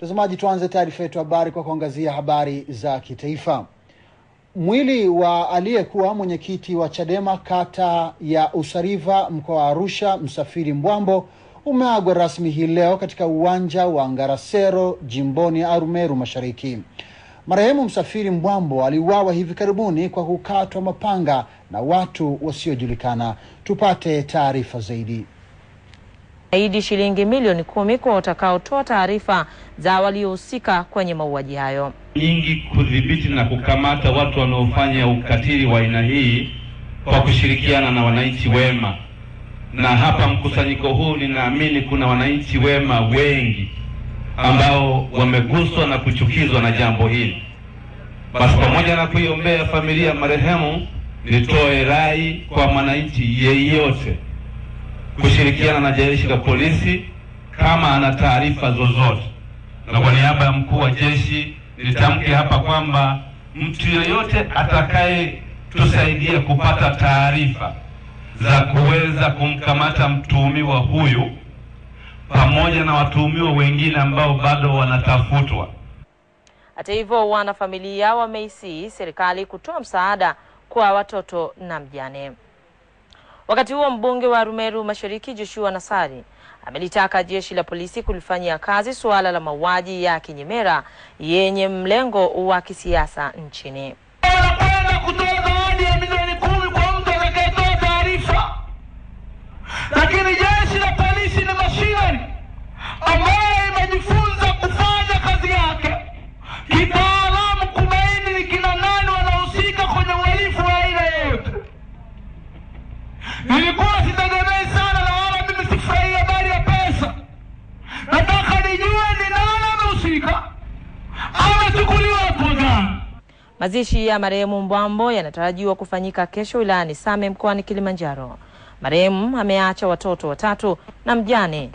Mtazamaji, tuanze taarifa yetu habari kwa kuangazia habari za kitaifa. Mwili wa aliyekuwa mwenyekiti wa Chadema kata ya Usariva mkoa wa Arusha, Msafiri Mbwambo umeagwa rasmi hii leo katika uwanja wa Ngarasero jimboni Arumeru Mashariki. Marehemu Msafiri Mbwambo aliuawa hivi karibuni kwa kukatwa mapanga na watu wasiojulikana. Tupate taarifa zaidi zaidi shilingi milioni kumi kwa watakaotoa taarifa za waliohusika kwenye mauaji hayo. Nyingi kudhibiti na kukamata watu wanaofanya ukatili wa aina hii kwa kushirikiana na wananchi wema, na hapa mkusanyiko huu ninaamini kuna wananchi wema wengi ambao wameguswa na kuchukizwa na jambo hili. Basi pamoja na kuiombea familia marehemu, nitoe rai kwa mwananchi yeyote kushirikiana na jeshi la polisi kama ana taarifa zozote. Na kwa niaba ya mkuu wa jeshi nitamke hapa kwamba mtu yeyote atakayetusaidia kupata taarifa za kuweza kumkamata mtuhumiwa huyu pamoja na watuhumiwa wengine ambao bado wanatafutwa. Hata hivyo, wanafamilia wameisihi serikali kutoa msaada kwa watoto na mjane. Wakati huo mbunge wa Arumeru Mashariki Joshua Nassari amelitaka jeshi la polisi kulifanyia kazi suala la mauaji ya kinyemera yenye mlengo wa kisiasa nchini. Mazishi ya marehemu Mbwambo yanatarajiwa kufanyika kesho wilayani Same mkoani Kilimanjaro. Marehemu ameacha watoto watatu na mjane